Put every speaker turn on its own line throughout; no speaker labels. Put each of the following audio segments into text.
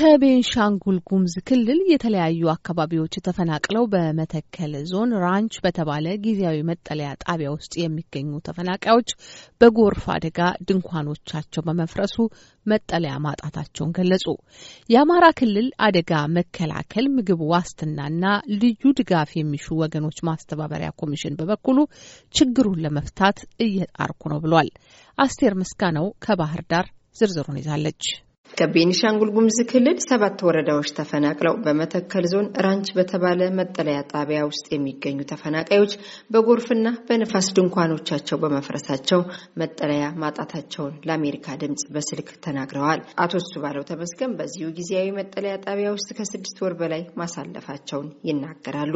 ከቤንሻንጉል ጉሙዝ ክልል የተለያዩ አካባቢዎች ተፈናቅለው በመተከል ዞን ራንች በተባለ ጊዜያዊ መጠለያ ጣቢያ ውስጥ የሚገኙ ተፈናቃዮች በጎርፍ አደጋ ድንኳኖቻቸው በመፍረሱ መጠለያ ማጣታቸውን ገለጹ። የአማራ ክልል አደጋ መከላከል ምግብ ዋስትናና ልዩ ድጋፍ የሚሹ ወገኖች ማስተባበሪያ ኮሚሽን በበኩሉ ችግሩን ለመፍታት እየጣርኩ ነው ብሏል። አስቴር ምስጋናው ከባህር ዳር ዝርዝሩን ይዛለች። ከቤኒሻንጉል ጉምዝ ክልል ሰባት ወረዳዎች ተፈናቅለው በመተከል ዞን ራንች በተባለ መጠለያ ጣቢያ ውስጥ የሚገኙ ተፈናቃዮች በጎርፍና በንፋስ ድንኳኖቻቸው በመፍረሳቸው መጠለያ ማጣታቸውን ለአሜሪካ ድምጽ በስልክ ተናግረዋል። አቶ እሱ ባለው ተመስገን በዚሁ ጊዜያዊ መጠለያ ጣቢያ ውስጥ ከስድስት ወር በላይ ማሳለፋቸውን ይናገራሉ።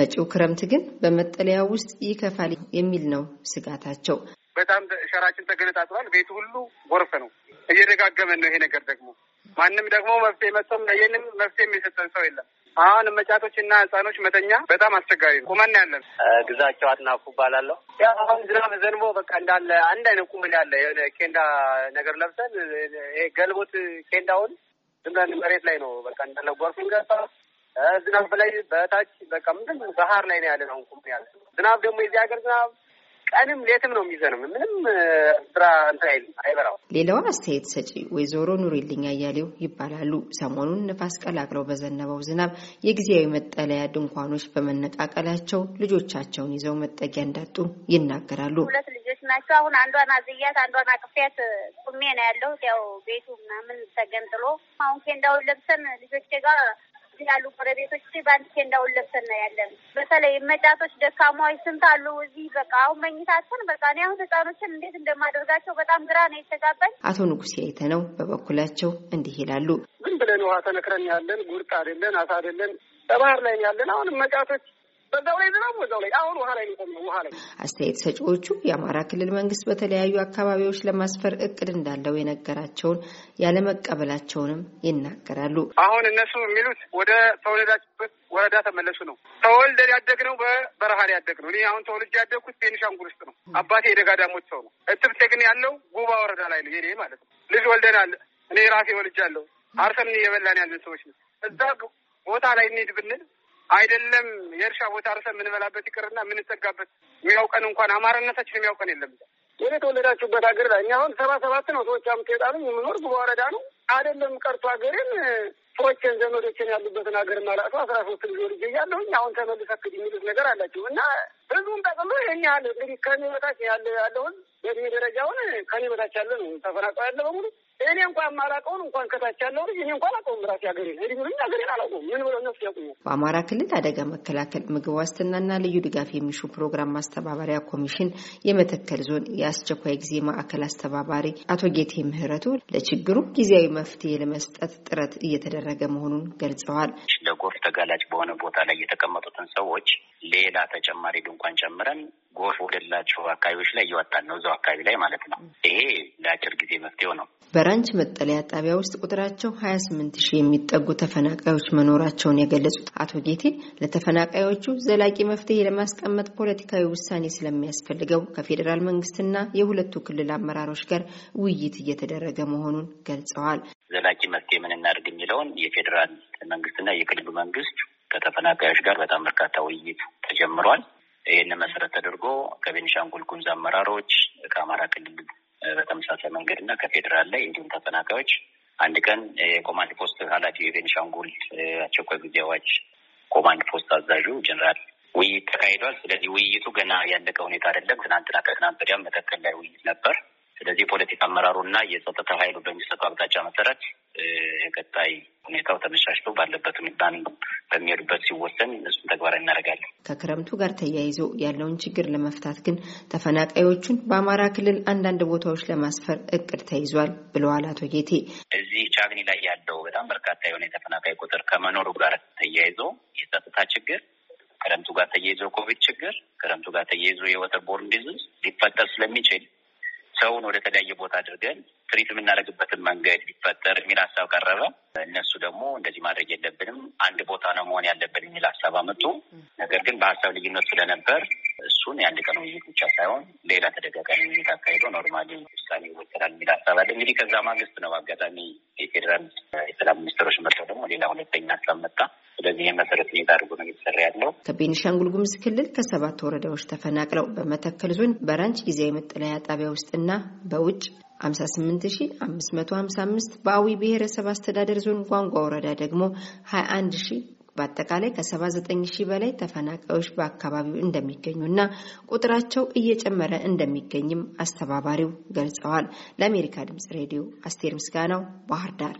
መጪው ክረምት ግን በመጠለያ ውስጥ ይከፋል የሚል ነው ስጋታቸው። በጣም
ሸራችን ተገነጣጥሏል። ቤቱ ሁሉ ጎርፍ ነው። እየደጋገመን ነው። ይሄ ነገር ደግሞ ማንም ደግሞ መፍትሄ መጥቶም ይህንም መፍትሄ የሚሰጠን ሰው የለም። አሁን መጫቶች እና ህጻኖች መተኛ በጣም አስቸጋሪ ነው። ቁመን ያለን ግዛቸው አትናኩ እባላለሁ። ያው አሁን ዝናብ ዘንቦ በቃ እንዳለ አንድ አይነት ቁመን ያለ የሆነ ኬንዳ ነገር ለብሰን ገልቦት ኬንዳውን ዝም ብለን መሬት ላይ ነው በቃ እንዳለ ጎርፍ ገባ ዝናብ በላይ በታች በቃ ምንድን ባህር ላይ ነው ያለ ነው ቁመን ያለ ዝናብ ደግሞ የዚህ ሀገር ዝናብ ቀንም ሌትም ነው የሚዘንም ምንም ስራ እንትን
አይበራው። ሌላዋ አስተያየት ሰጪ ወይዘሮ ኑሪልኝ አያሌው ይባላሉ። ሰሞኑን ነፋስ ቀላቅለው በዘነበው ዝናብ የጊዜያዊ መጠለያ ድንኳኖች በመነቃቀላቸው ልጆቻቸውን ይዘው መጠጊያ እንዳጡ ይናገራሉ። ሁለት
ልጆች ናቸው። አሁን አንዷን አዝያት አንዷን አቅፌያት ቁሜ ነው ያለሁት። ያው ቤቱ ምናምን ተገንጥሎ አሁን ኬንዳውን ለብሰን ልጆቼ ጋር እዚህ ያሉ ጎረቤቶች በአንድ ኬንዳውን ለብሰን ነው ያለን። በተለይ መጫቶች ደካማዎች ስንት አሉ እዚህ በቃ አሁን መኝታችን በቃ እኔ አሁን ህጻኖችን እንዴት እንደማደርጋቸው በጣም ግራ ነው የተጋባኝ።
አቶ ንጉሴ አይተነው በበኩላቸው እንዲህ ይላሉ።
ዝም ብለን ውሃ ተነክረን ያለን ጉርጥ አይደለን አሳ አይደለን በባህር ላይ ያለን አሁንም መጫቶች በዛው ላይ ዝናብ በዛው ላይ አሁን ውሃ ላይ ነው ውሃ ላይ።
አስተያየት ሰጪዎቹ የአማራ ክልል መንግስት በተለያዩ አካባቢዎች ለማስፈር እቅድ እንዳለው የነገራቸውን ያለመቀበላቸውንም ይናገራሉ።
አሁን እነሱ የሚሉት ወደ ተወለዳችበት ወረዳ ተመለሱ ነው። ተወልደን ያደግነው በበረሃ ላይ ነው። እኔ አሁን ተወልጅ ያደግኩት ቤኒሻንጉል ውስጥ ነው። አባቴ የደጋዳሞች ሰው ነው። እትብቴ ግን ያለው ጉባ ወረዳ ላይ ነው። የእኔ ማለት ነው። ልጅ ወልደናል። እኔ ራሴ ወልጃለሁ። አርሰን እየበላን ያለን ሰዎች ነው። እዛ ቦታ ላይ እንሂድ ብንል አይደለም የእርሻ ቦታ ርሰ የምንበላበት ይቅርና የምንጠጋበት የሚያውቀን እንኳን አማራነታችን የሚያውቀን የለም። ይህ የተወለዳችሁበት ሀገር ላይ እኛ አሁን ሰባ ሰባት ነው ሰዎች አምትሄጣሉ የምኖር ጉባ ነው አይደለም ቀርቶ ሀገርን ሰዎችን ዘመዶችን ያሉበትን ሀገር ማላቅሰው አስራ ሶስት ልጆ ልጅ እያለሁኝ አሁን ተመልሰክድ የሚሉት ነገር አላቸው እና ህዝቡም ጠቅሎ ይህን ያህል እንግዲህ ከኔ በታች ያለ ያለውን የእድሜ ደረጃውን ከኔ በታች ያለ ነው ተፈናቅሎ ያለ በሙሉ እኔ እንኳን ማላቀውን እንኳን ከታች ያለው ልጅ እኔ እንኳን አቀውም ራሴ ሀገሬ እድሜ ሀገሬን አላውቀውም። ምን ብለው ነፍስ ያቁሙ።
በአማራ ክልል አደጋ መከላከል ምግብ ዋስትናና ልዩ ድጋፍ የሚሹ ፕሮግራም ማስተባበሪያ ኮሚሽን የመተከል ዞን የአስቸኳይ ጊዜ ማዕከል አስተባባሪ አቶ ጌቴ ምህረቱ ለችግሩ ጊዜያዊ መፍትሄ ለመስጠት ጥረት እየተደረገ መሆኑን ገልጸዋል። ለጎርፍ ተጋላጭ በሆነ ቦታ ላይ
የተቀመጡትን ሰዎች ሌላ ተጨማሪ ድንኳ እንኳን ጨምረን ጎርፍ ወደላቸው አካባቢዎች ላይ እየወጣን ነው፣ እዛው አካባቢ ላይ ማለት ነው። ይሄ ለአጭር ጊዜ መፍትሄው ነው።
በራንች መጠለያ ጣቢያ ውስጥ ቁጥራቸው ሀያ ስምንት ሺህ የሚጠጉ ተፈናቃዮች መኖራቸውን የገለጹት አቶ ጌቴ ለተፈናቃዮቹ ዘላቂ መፍትሄ ለማስቀመጥ ፖለቲካዊ ውሳኔ ስለሚያስፈልገው ከፌዴራል መንግስትና የሁለቱ ክልል አመራሮች ጋር ውይይት እየተደረገ መሆኑን ገልጸዋል።
ዘላቂ መፍትሄ ምን እናድርግ የሚለውን የፌዴራል መንግስትና የክልሉ መንግስት ከተፈናቃዮች ጋር በጣም በርካታ ውይይት ተጀምሯል። ይህን መሰረት ተደርጎ ከቤኒሻንጉል ጉሙዝ አመራሮች ከአማራ ክልል በተመሳሳይ መንገድ እና ከፌዴራል ላይ እንዲሁም ተፈናቃዮች አንድ ቀን የኮማንድ ፖስት ኃላፊ የቤኒሻንጉል አስቸኳይ ጊዜ አዋጅ ኮማንድ ፖስት አዛዡ ጀኔራል ውይይት ተካሂዷል። ስለዚህ ውይይቱ ገና ያለቀ ሁኔታ አይደለም። ትናንትና ከትናንት በዲያም መካከል ላይ ውይይት ነበር። ስለዚህ የፖለቲካ አመራሩ እና የጸጥታ ኃይሉ በሚሰጡ አቅጣጫ መሰረት የቀጣይ ሁኔታው ተመሻሽቶ ባለበት ሁኔታ ነው በሚሄዱበት ሲወሰን እሱን ተግባራዊ እናደርጋለን።
ከክረምቱ ጋር ተያይዞ ያለውን ችግር ለመፍታት ግን ተፈናቃዮቹን በአማራ ክልል አንዳንድ ቦታዎች ለማስፈር እቅድ ተይዟል ብለዋል አቶ ጌቴ።
እዚህ ቻግኒ ላይ ያለው በጣም በርካታ የሆነ የተፈናቃይ ቁጥር ከመኖሩ ጋር ተያይዞ የጸጥታ ችግር፣ ክረምቱ ጋር ተያይዞ ኮቪድ ችግር፣ ክረምቱ ጋር ተያይዞ የወተር ቦርን ዲዚዝ ሊፈጠር ስለሚችል ሰውን ወደ ተለያየ ቦታ አድርገን ትሪት የምናደርግበትን መንገድ ሊፈጠር የሚል ሀሳብ ቀረበ። እነሱ ደግሞ እንደዚህ ማድረግ የለብንም አንድ ቦታ ነው መሆን ያለብን የሚል ሀሳብ አመጡ። ነገር ግን በሀሳብ ልዩነት ስለነበር እሱን የአንድ ቀን ውይይት ብቻ ሳይሆን ሌላ ተደጋጋሚ ውይይት አካሂዶ ኖርማሊ ውሳኔ ይወሰዳል የሚል ሀሳብ አለ። እንግዲህ ከዛ ማግስት ነው አጋጣሚ የፌዴራል የሰላም ሚኒስትሮች መጥተው ደግሞ ሌላ ሁለተኛ ሀሳብ መጣ። ስለዚህ ይህ መሰረት አድርጎ ነው የሚሰራ
ያለው። ከቤኒሻንጉል ጉሙዝ ክልል ከሰባት ወረዳዎች ተፈናቅለው በመተከል ዞን በራንች ጊዜያዊ መጠለያ ጣቢያ ውስጥና በውጭ 58555 በአዊ ብሔረሰብ አስተዳደር ዞን ጓንጓ ወረዳ ደግሞ 21 ሺህ በአጠቃላይ ከ79 ሺህ በላይ ተፈናቃዮች በአካባቢው እንደሚገኙና ቁጥራቸው እየጨመረ እንደሚገኝም አስተባባሪው ገልጸዋል። ለአሜሪካ ድምጽ ሬዲዮ አስቴር ምስጋናው ባህር ዳር